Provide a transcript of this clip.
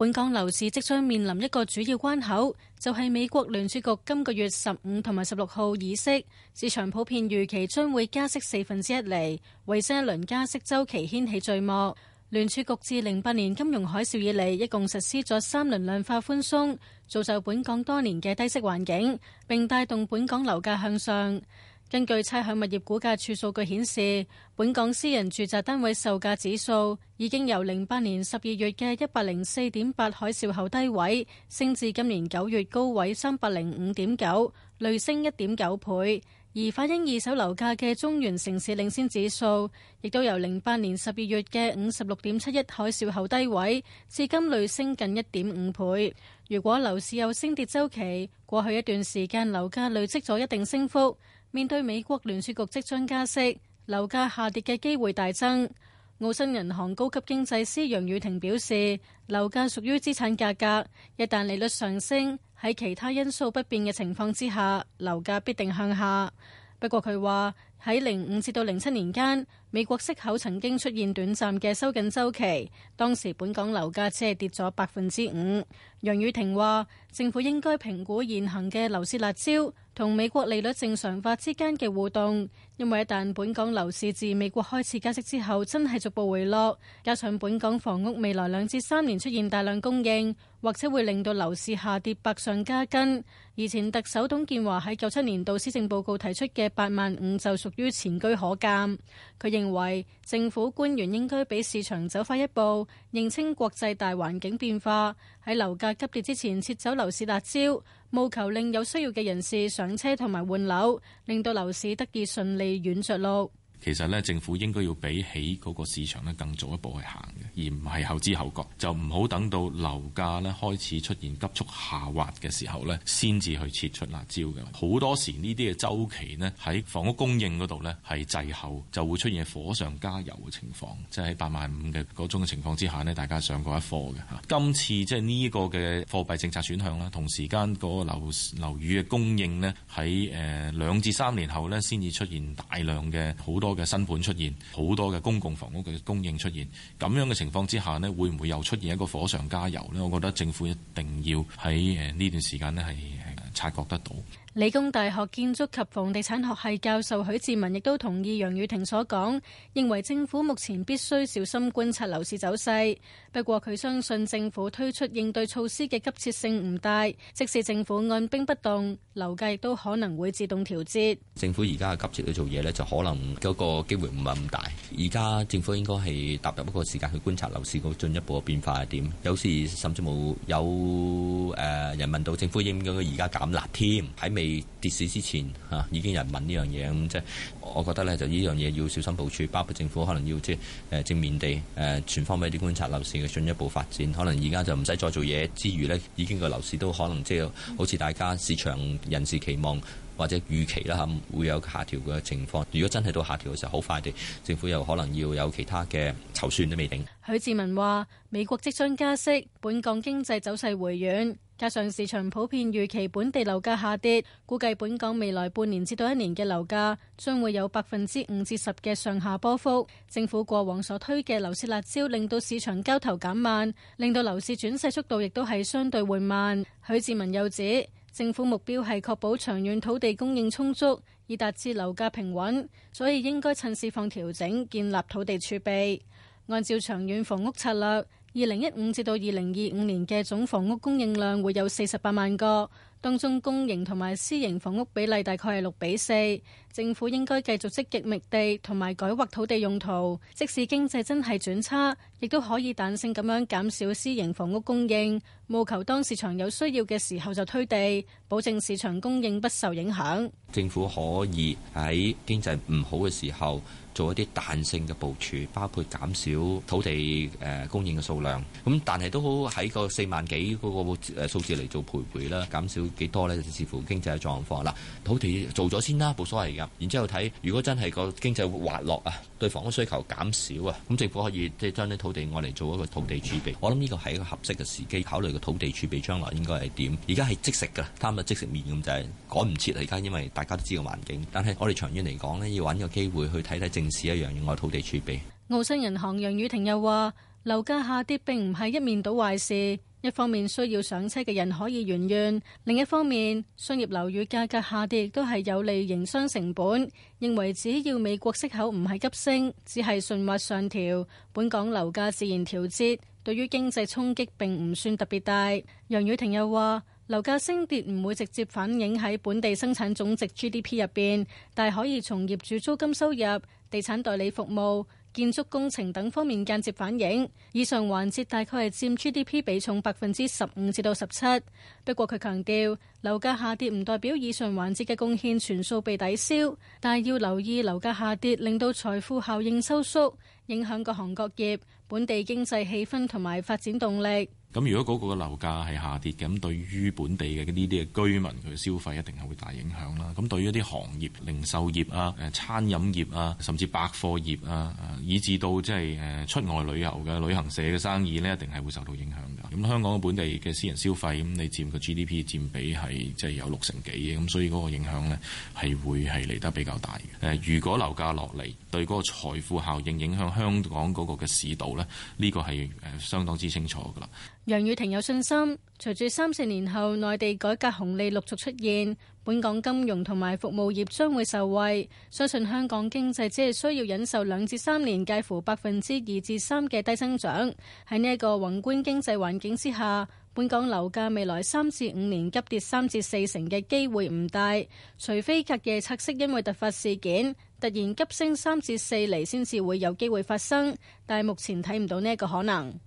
本港樓市即將面臨一個主要關口，就係、是、美國聯儲局今個月十五同埋十六號議息，市場普遍預期將會加息四分之一厘，為新一輪加息周期掀起序幕。聯儲局自零八年金融海嘯以嚟，一共實施咗三輪量化寬鬆，造就本港多年嘅低息環境，並帶動本港樓價向上。根據差餉物業估價署數據顯示，本港私人住宅單位售價指數已經由零八年十二月嘅一百零四點八海嘯後低位，升至今年九月高位三百零五點九，累升一點九倍。而反映二手樓價嘅中原城市領先指數，亦都由零八年十二月嘅五十六點七一海嘯後低位，至今累升近一點五倍。如果樓市有升跌周期，過去一段時間樓價累積咗一定升幅，面對美國聯儲局即將加息，樓價下跌嘅機會大增。澳新銀行高級經濟師楊宇霆表示，樓價屬於資產價格，一旦利率上升，喺其他因素不變嘅情況之下，樓價必定向下。不過佢話。喺零五至到零七年間，美國息口曾經出現短暫嘅收緊周期，當時本港樓價只係跌咗百分之五。楊宇霆話：政府應該評估現行嘅樓市辣招同美國利率正常化之間嘅互動，因為一旦本港樓市自美國開始加息之後真係逐步回落，加上本港房屋未來兩至三年出現大量供應，或者會令到樓市下跌百上加斤。而前特首董建華喺九七年度施政報告提出嘅八萬五就。于前居可鑒，佢認為政府官員應該畀市場走快一步，認清國際大環境變化，喺樓價急跌之前撤走樓市辣招，務求令有需要嘅人士上車同埋換樓，令到樓市得以順利軟着陸。其實咧，政府應該要比起嗰個市場咧更早一步去行嘅，而唔係後知後覺，就唔好等到樓價咧開始出現急速下滑嘅時候咧，先至去撤出辣招嘅。好多時呢啲嘅周期呢喺房屋供應嗰度呢係滯後，就會出現火上加油嘅情況，即係喺八萬五嘅嗰種情況之下呢，大家上過一課嘅嚇。今次即係呢個嘅貨幣政策選項啦，同時間嗰個樓、樓宇嘅供應呢喺誒兩至三年後呢先至出現大量嘅好多。多嘅新盤出現，好多嘅公共房屋嘅供應出現，咁樣嘅情況之下呢，會唔會又出現一個火上加油呢？我覺得政府一定要喺誒呢段時間呢，係察覺得到。理工大學建築及房地產學系教授許志文亦都同意楊雨婷所講，認為政府目前必須小心觀察樓市走勢。不過佢相信政府推出應對措施嘅急切性唔大，即使政府按兵不動，樓價亦都可能會自動調節。政府而家係急切去做嘢咧，就可能嗰個機會唔係咁大。而家政府應該係踏入一個時間去觀察樓市個進一步嘅變化係點。有時甚至冇有誒人問到政府應唔應該而家減辣添喺未？跌市之前嚇，啊、已經有人問呢樣嘢咁，即係我覺得咧就呢樣嘢要小心部署，包括政府可能要即係誒正面地誒，呃、全方位啲觀察樓市嘅進一步發展。可能而家就唔使再做嘢之餘呢，已經個樓市都可能即係好似大家市場人士期望。或者預期啦嚇，會有下調嘅情況。如果真係到下調嘅時候，好快地政府又可能要有其他嘅籌算都未定。許志文話：美國即將加息，本港經濟走勢回軟，加上市場普遍預期本地樓價下跌，估計本港未來半年至到一年嘅樓價將會有百分之五至十嘅上下波幅。政府過往所推嘅樓市辣招，令到市場交投減慢，令到樓市轉勢速度亦都係相對緩慢。許志文又指。政府目標係確保長遠土地供應充足，以達至樓價平穩，所以應該趁市況調整，建立土地儲備。按照長遠房屋策略，二零一五至到二零二五年嘅總房屋供應量會有四十八萬個。當中公營同埋私營房屋比例大概係六比四，政府應該繼續積極覓地同埋改劃土地用途。即使經濟真係轉差，亦都可以彈性咁樣減少私營房屋供應，務求當市場有需要嘅時候就推地，保證市場供應不受影響。政府可以喺經濟唔好嘅時候做一啲彈性嘅部署，包括減少土地誒供應嘅數量。咁但係都好喺個四萬幾個數字嚟做徘徊啦，減少。幾多呢就視乎經濟嘅狀況啦。土地做咗先啦，冇所謂噶。然之後睇，如果真係個經濟滑落啊，對房屋需求減少啊，咁政府可以即係將啲土地我嚟做一個土地儲備。我諗呢個係一個合適嘅時機，考慮個土地儲備將來應該係點。而家係即食噶，貪到即食麵咁就係趕唔切。而家因為大家都知道環境，但係我哋長遠嚟講呢要揾個機會去睇睇正視一樣，我土地儲備。澳新銀行楊宇霆又話：樓價下跌並唔係一面倒壞事。一方面需要上車嘅人可以圓願，另一方面商業樓宇價格下跌都係有利營商成本。認為只要美國息口唔係急升，只係順滑上調，本港樓價自然調節，對於經濟衝擊並唔算特別大。楊宇霆又話，樓價升跌唔會直接反映喺本地生產總值 GDP 入邊，但係可以從業主租金收入、地產代理服務。建築工程等方面間接反映，以上環節大概係佔 GDP 比重百分之十五至到十七。不過佢強調，樓價下跌唔代表以上環節嘅貢獻全數被抵消，但係要留意樓價下跌令到財富效應收縮，影響各行各業、本地經濟氣氛同埋發展動力。咁如果嗰個嘅樓價係下跌，咁對於本地嘅呢啲嘅居民佢消費一定係會大影響啦。咁對於一啲行業、零售業啊、誒餐飲業啊，甚至百貨業啊，以至到即係誒出外旅遊嘅旅行社嘅生意呢，一定係會受到影響㗎。咁香港嘅本地嘅私人消費咁，你佔個 G D P 佔比係即係有六成幾嘅，咁所以嗰個影響呢係會係嚟得比較大嘅。誒，如果樓價落嚟對嗰個財富效應影響香港嗰個嘅市道呢，呢、呢個係誒相當之清楚噶啦。楊宇婷有信心，隨住三四年後內地改革紅利陸續出現，本港金融同埋服務業將會受惠。相信香港經濟只係需要忍受兩至三年介乎百分之二至三嘅低增長。喺呢一個宏觀經濟環境之下，本港樓價未來三至五年急跌三至四成嘅機會唔大，除非隔夜拆息因為突發事件突然急升三至四厘，先至會有機會發生。但係目前睇唔到呢一個可能。